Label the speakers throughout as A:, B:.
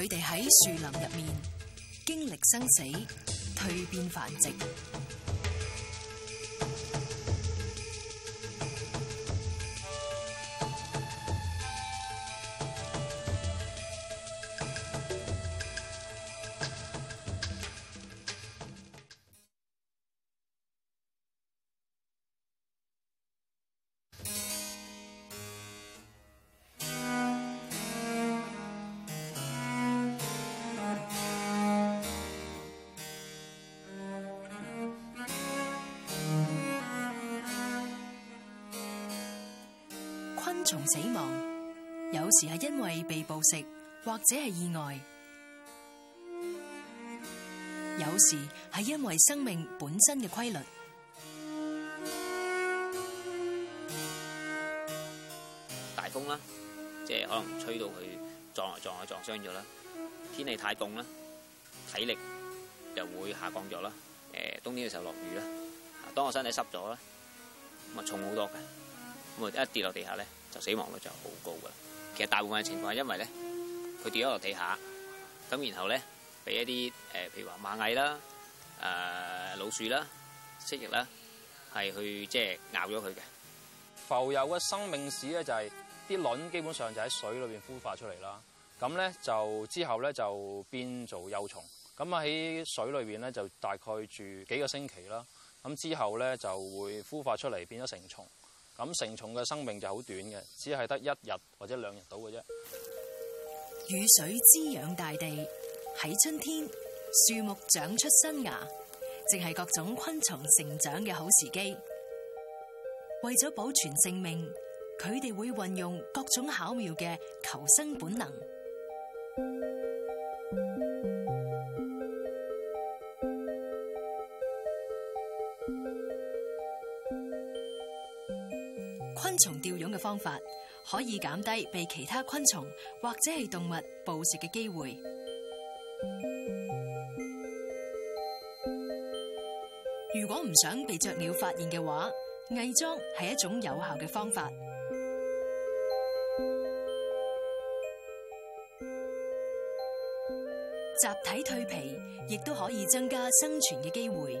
A: 佢哋喺樹林入面經歷生死、蛻變繁殖。從死亡，有時係因為被捕食，或者係意外；有時係因為生命本身嘅規律。
B: 大風啦，即係可能吹到佢撞嚟撞去撞傷咗啦。天氣太凍啦，體力又會下降咗啦。誒，冬天嘅時候落雨啦，當我身體濕咗啦，咁啊重好多嘅，咁啊一跌落地下咧。就死亡率就好高㗎喇，其實大部分嘅情況係因為咧，佢掉咗落地下，咁然後咧，俾一啲誒、呃，譬如話螞蟻啦、誒、呃、老鼠啦、蜥蜴啦，係去即係、就是、咬咗佢嘅。浮游嘅生命史
C: 咧就係啲卵基本上就喺水裏邊孵化出嚟啦，咁咧就之後咧就變做幼蟲，咁啊喺水裏邊咧就大概住幾個星期啦，咁之後咧就會孵化出嚟變咗成蟲。咁成蟲嘅生命就好短嘅，只係得一日或者兩日到嘅啫。
A: 雨水滋養大地，喺春天樹木長出新芽，正係各種昆蟲成長嘅好時機。為咗保存性命，佢哋會運用各種巧妙嘅求生本能。方法可以減低被其他昆蟲或者係動物捕食嘅機會。如果唔想被雀鳥發現嘅話，偽裝係一種有效嘅方法。集體蛻皮亦都可以增加生存嘅機會。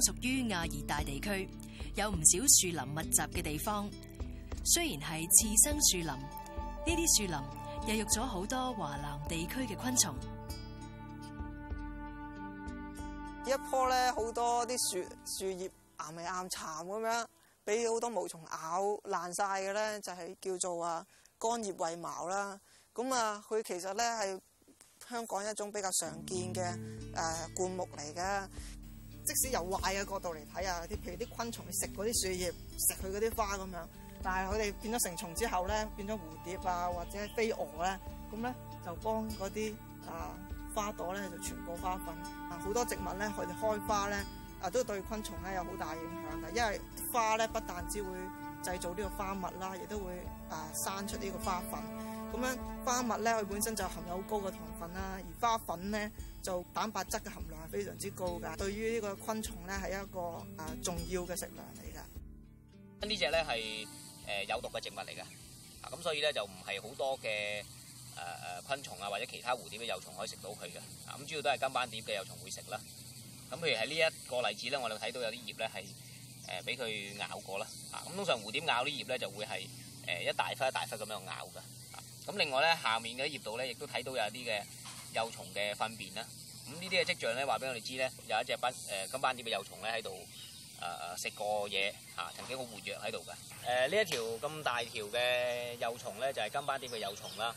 A: 屬於亞熱帶地區，有唔少樹林密集嘅地方。雖然係次生樹林，呢啲樹林孕育咗好多華南地區嘅昆蟲。
D: 一棵咧好多
C: 啲樹樹葉，啱咪啱殘咁樣，俾好多毛蟲咬爛晒嘅咧，就係、是、叫做啊干葉衛矛啦。咁啊，佢其實咧係香港一種比較常見嘅誒、呃、灌木嚟嘅。即使由壞嘅角度嚟睇啊，啲譬如啲昆蟲食嗰啲樹葉，食佢嗰啲花咁樣，但係佢哋變咗成蟲之後咧，變咗蝴蝶啊或者飛蛾咧，咁咧就幫嗰啲啊花朵咧就傳播花粉。啊，好多植物咧佢哋開花咧啊都對昆蟲咧有好大影響嘅，因為花咧不但只會製造呢個花蜜啦，亦都會啊生出呢個花粉。咁樣花蜜咧，佢本身就含有好高嘅糖分啦。而花粉咧，就蛋白質嘅含量係非常之高㗎。對於呢個昆蟲咧，係一個啊重要嘅食糧嚟㗎。咁
B: 呢隻咧係誒有毒嘅植物嚟㗎，啊咁所以咧就唔係好多嘅誒誒昆蟲啊，或者其他蝴蝶嘅幼蟲可以食到佢㗎。啊咁主要都係金斑蝶嘅幼蟲會食啦。咁譬如喺呢一個例子咧，我哋睇到有啲葉咧係誒俾佢咬過啦。啊咁通常蝴蝶咬啲葉咧就會係誒一大忽一大忽咁樣咬㗎。咁另外咧，下面嘅葉度咧，亦都睇到有啲嘅幼蟲嘅糞便啦。咁呢啲嘅跡象咧，話俾我哋知咧，有一隻斑誒金斑蝶嘅幼蟲咧喺度誒食過嘢啊，曾經好活躍喺度嘅。誒呢一條咁大條嘅幼蟲咧，就係金斑蝶嘅幼蟲啦。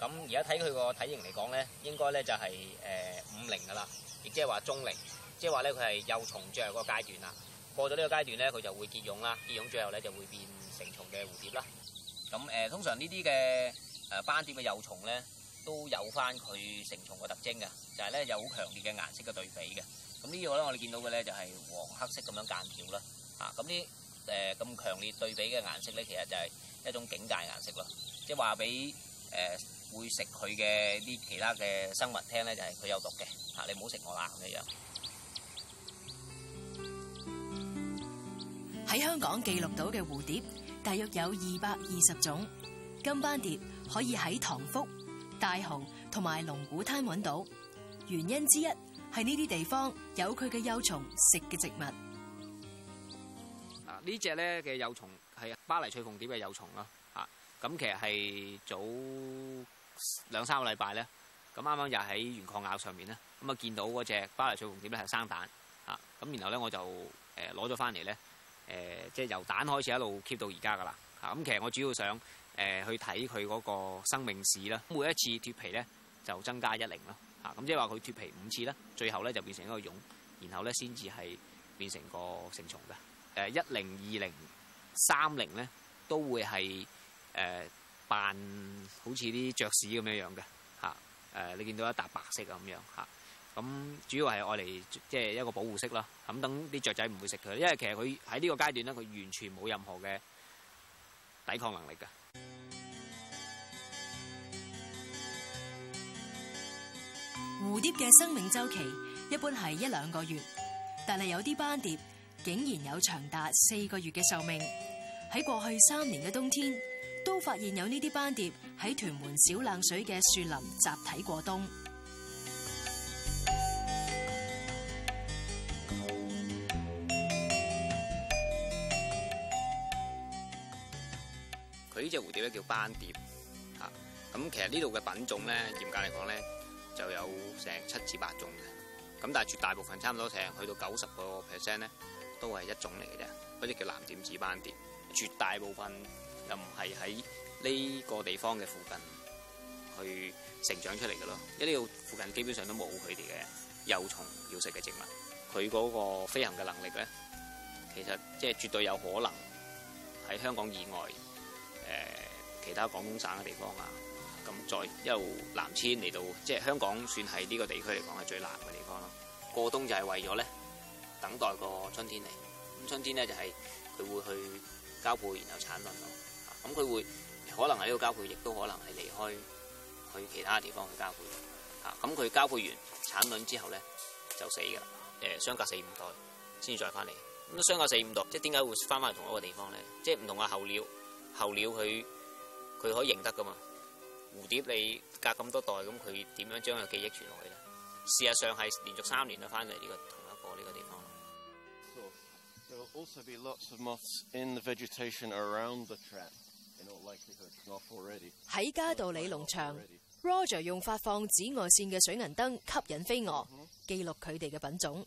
B: 咁而家睇佢個體型嚟講咧，應該咧就係誒五齡噶啦，亦即係話終齡，即係話咧佢係幼蟲最後個階段啦。過咗呢個階段咧，佢就會結蛹啦，結蛹最後咧就會變成蟲嘅蝴蝶啦。咁、呃、誒，通常呢啲嘅～誒斑蝶嘅幼蟲咧都有翻佢成蟲嘅特徵嘅，就係咧有好強烈嘅顏色嘅對比嘅。咁呢個咧，我哋見到嘅咧就係黃黑色咁樣間條啦。啊，咁呢誒咁強烈對比嘅顏色咧，其實就係一種警戒顏色咯，即係話俾誒會食佢嘅啲其他嘅生物聽咧，就係佢有毒嘅。嚇，你唔好食我啦咁樣。
A: 喺香港記錄到嘅蝴蝶，大約有二百二十種，金斑蝶。可以喺塘福、大蠔同埋龍鼓灘揾到，原因之一係呢啲地方有佢嘅幼蟲食嘅植物。
B: 嗱，呢隻咧嘅幼蟲係巴黎翠鳳蝶嘅幼蟲啦，吓咁其實係早兩三個禮拜咧，咁啱啱又喺原礦岩上面咧，咁啊見到嗰隻巴黎翠鳳蝶咧係生蛋，吓咁然後咧我就誒攞咗翻嚟咧，誒即係由蛋開始一路 keep 到而家噶啦，吓咁其實我主要想。誒去睇佢嗰個生命史啦。每一次脫皮咧，就增加一齡咯嚇。咁即係話佢脫皮五次啦，最後咧就變成一個蛹，然後咧先至係變成個成蟲嘅。誒一齡二齡三齡咧都會係誒、呃、扮好似啲雀屎咁樣樣嘅嚇。誒你見到一笪白色啊咁樣嚇。咁主要係用嚟即係一個保護色啦。咁等啲雀仔唔會食佢，因為其實佢喺呢個階段咧，佢完全冇任何嘅抵抗能力㗎。
A: 蝴蝶嘅生命周期，一般係一兩個月，但係有啲斑蝶竟然有長達四個月嘅壽命。喺過去三年嘅冬天，都發現有呢啲斑蝶喺屯門小冷水嘅樹林集體過冬。
B: 佢呢隻蝴蝶咧叫斑蝶，吓，咁其實呢度嘅品種咧，嚴格嚟講咧。就有成七至八種嘅，咁但係絕大部分差唔多成去到九十個 percent 咧，都係一種嚟嘅啫。嗰隻叫藍點紫斑蝶，絕大部分又唔係喺呢個地方嘅附近去成長出嚟嘅咯。因為呢度附近基本上都冇佢哋嘅幼蟲要食嘅植物，佢嗰個飛行嘅能力咧，其實即係絕對有可能喺香港以外，誒、呃、其他廣東省嘅地方啊。咁再由南遷嚟到，即係香港算係呢個地區嚟講係最南嘅地方咯。過冬就係為咗咧等待個春天嚟。咁春天咧就係、是、佢會去交配，然後產卵咯。咁、嗯、佢會可能喺呢度交配，亦都可能係離開去其他地方去交配。嚇咁佢交配完產卵之後咧就死㗎喇。誒、嗯、相隔四五代先再翻嚟。咁、嗯、相隔四五代，即係點解會翻返嚟同一個地方咧？即係唔同嘅候鳥，候鳥佢佢可以認得㗎嘛。蝴蝶你隔咁多代，咁佢點樣將個記憶傳落去呢？事實上係連續三年都翻嚟呢個同一個呢個地
E: 方。
A: 喺嘉道理農場，Roger 用發放紫外線嘅水銀燈吸引飛蛾，記錄佢哋嘅品種。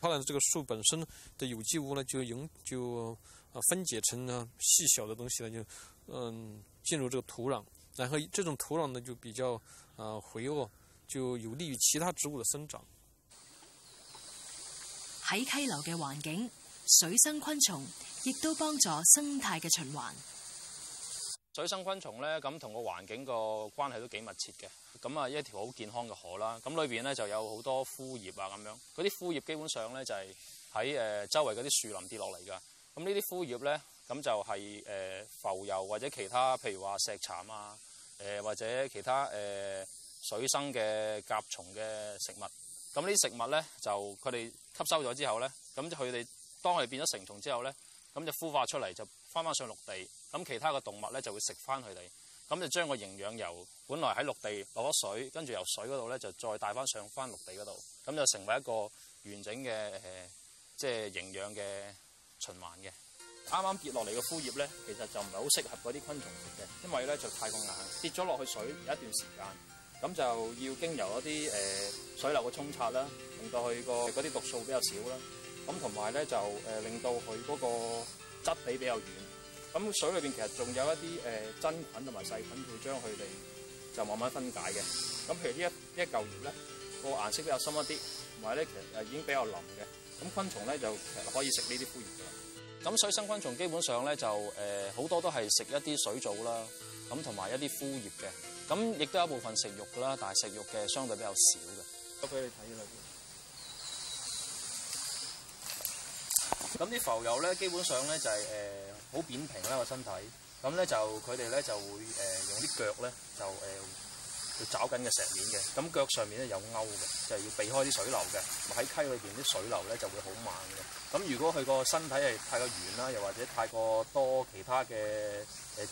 D: 後來這個樹本身的有機物呢，就營就，呃，分解成呢細小的東西呢，就，嗯，進入這個土壤，然後這種土壤呢就比較，呃，肥沃，就有利於其他植物的生長。
A: 喺溪流嘅環境，水生昆蟲亦都幫助生態嘅循環。
C: 水生昆蟲咧，咁同個環境個關係都幾密切嘅。咁啊，一條好健康嘅河啦，咁裏邊咧就有好多枯葉啊，咁樣嗰啲枯葉基本上咧就係喺誒周圍嗰啲樹林跌落嚟噶。咁呢啲枯葉咧，咁就係誒浮游或者其他譬如話石蠶啊，誒或者其他誒水生嘅甲蟲嘅食，食物。咁呢啲食物咧就佢哋吸收咗之後咧，咁佢哋當佢哋變咗成蟲之後咧，咁就孵化出嚟就翻翻上陸地。咁其他嘅動物咧就會食翻佢哋，咁就將個營養由本來喺陸地落咗水，跟住由水嗰度咧就再帶翻上翻陸地嗰度，咁就成為一個完整嘅誒，即係營養嘅循環嘅。啱啱跌落嚟嘅枯葉咧，其實就唔係好適合嗰啲昆蟲食嘅，因為咧就太過硬。跌咗落去水有一段時間，咁就要經由一啲誒水流嘅沖刷啦，令到佢個嗰啲毒素比較少啦。咁同埋咧就誒令到佢嗰個質地比較軟。咁水裏邊其實仲有一啲誒、呃、真菌同埋細菌會將佢哋就慢慢分解嘅。咁譬如呢一一呢一一嚿葉咧，個顏色比較深一啲，同埋咧其實誒已經比較腍嘅。咁昆蟲咧就其實可以食呢啲枯葉噶啦。咁水生昆蟲基本上咧就誒好、呃、多都係食一啲水藻啦，咁同埋一啲枯葉嘅。咁、啊、亦都有部分食肉啦，但係食肉嘅相對比較少嘅。都俾你睇啦。咁啲浮油咧，基本上咧就係、是、誒。呃好扁平啦個身體，咁咧就佢哋咧就會誒、呃、用啲腳咧就誒去找緊個石面嘅，咁腳上面咧有勾嘅，就係、是、要避開啲水流嘅。喺溪裏邊啲水流咧就會好猛嘅。咁如果佢個身體係太過圓啦，又或者太過多其他嘅誒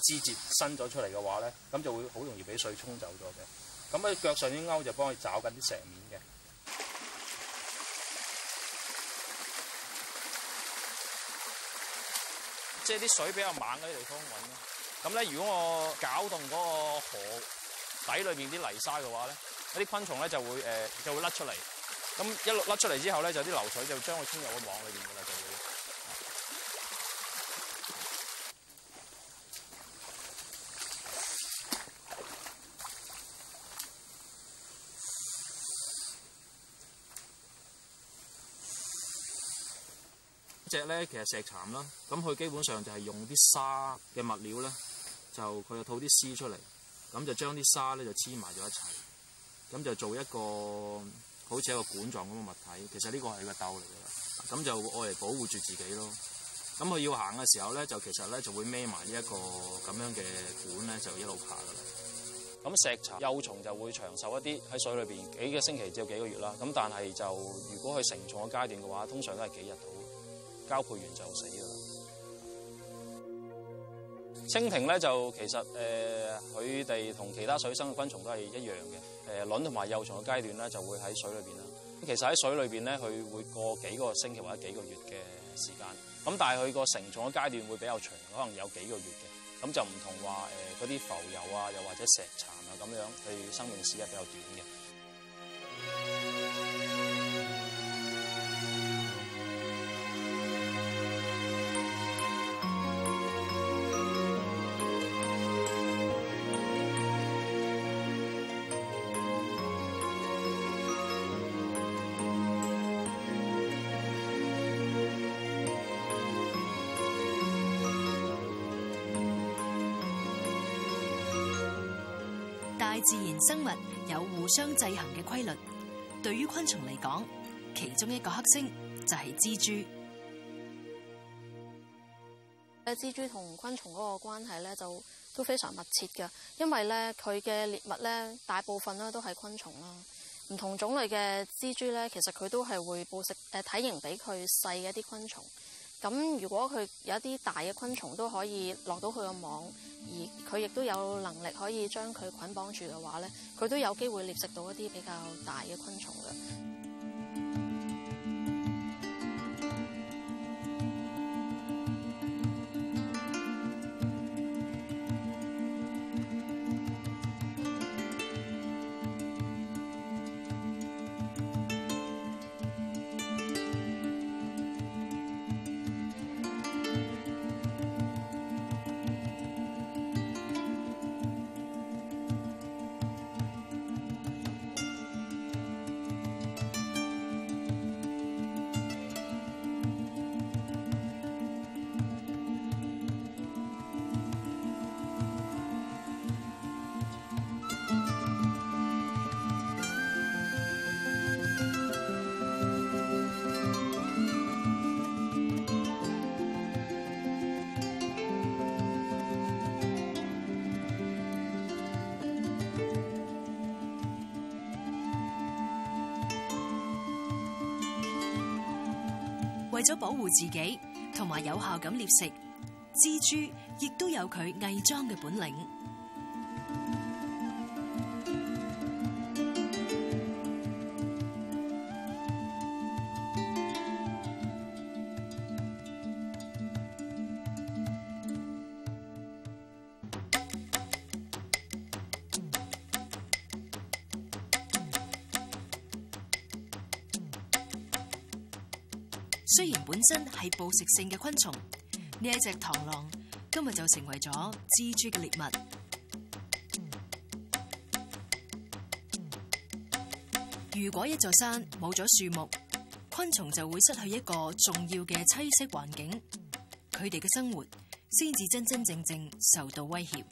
C: 枝節伸咗出嚟嘅話咧，咁就會好容易俾水沖走咗嘅。咁喺腳上啲勾就幫佢找緊啲石面。.即係啲水比較猛啲地方揾咯，咁咧如果我攪動個河底裏邊啲泥沙嘅話咧，啲昆蟲咧就會誒、呃、就會甩出嚟，咁一甩甩出嚟之後咧，就啲流水就將佢沖入個網裏邊嘅啦就。石咧，其實石蠶啦，咁佢基本上就係用啲沙嘅物料咧，就佢就吐啲絲出嚟，咁就將啲沙咧就黐埋咗一齊，咁就做一個好似一個管狀咁嘅物體。其實呢個係個竇嚟噶啦，咁就愛嚟保護住自己咯。咁佢要行嘅時候咧，就其實咧就會孭埋呢一個咁樣嘅管咧，就一路爬噶啦。咁石蠶幼蟲就會長壽一啲喺水裏邊幾個星期至到幾個月啦。咁但係就如果佢成蟲嘅階段嘅話，通常都係幾日到。交配完就死㗎喇。蜻蜓咧就其實誒，佢哋同其他水生嘅昆蟲都係一樣嘅。誒、呃、卵同埋幼蟲嘅階段咧就會喺水裏邊啦。其實喺水裏邊咧，佢會過幾個星期或者幾個月嘅時間。咁但係佢個成蟲嘅階段會比較長，可能有幾個月嘅。咁就唔同話誒嗰啲蜉蝣啊，又或者石蠶啊咁樣，佢生命史係比較短嘅。
A: 自然生物有互相制衡嘅規律，對於昆蟲嚟講，其中一個剋星就係蜘蛛。咧，蜘蛛同昆蟲嗰個關係咧，就都非常密切嘅，因為咧，佢嘅獵物咧，大部分咧都係昆蟲啦。唔同種類嘅蜘蛛咧，其實佢都係會捕食誒，體型比佢細嘅一啲昆蟲。咁如果佢有一啲大嘅昆蟲都可以落到佢個網。而佢亦都有能力可以將佢捆綁住嘅話，咧，佢都有機會獵食到一啲比較大嘅昆蟲嘅。咗保護自己，同埋有，有效咁獵食，蜘蛛亦都有佢偽裝嘅本領。係捕食性嘅昆蟲，呢一隻螳螂今日就成為咗蜘蛛嘅獵物。如果一座山冇咗樹木，昆蟲就會失去一個重要嘅棲息環境，佢哋嘅生活先至真真正正受到威脅。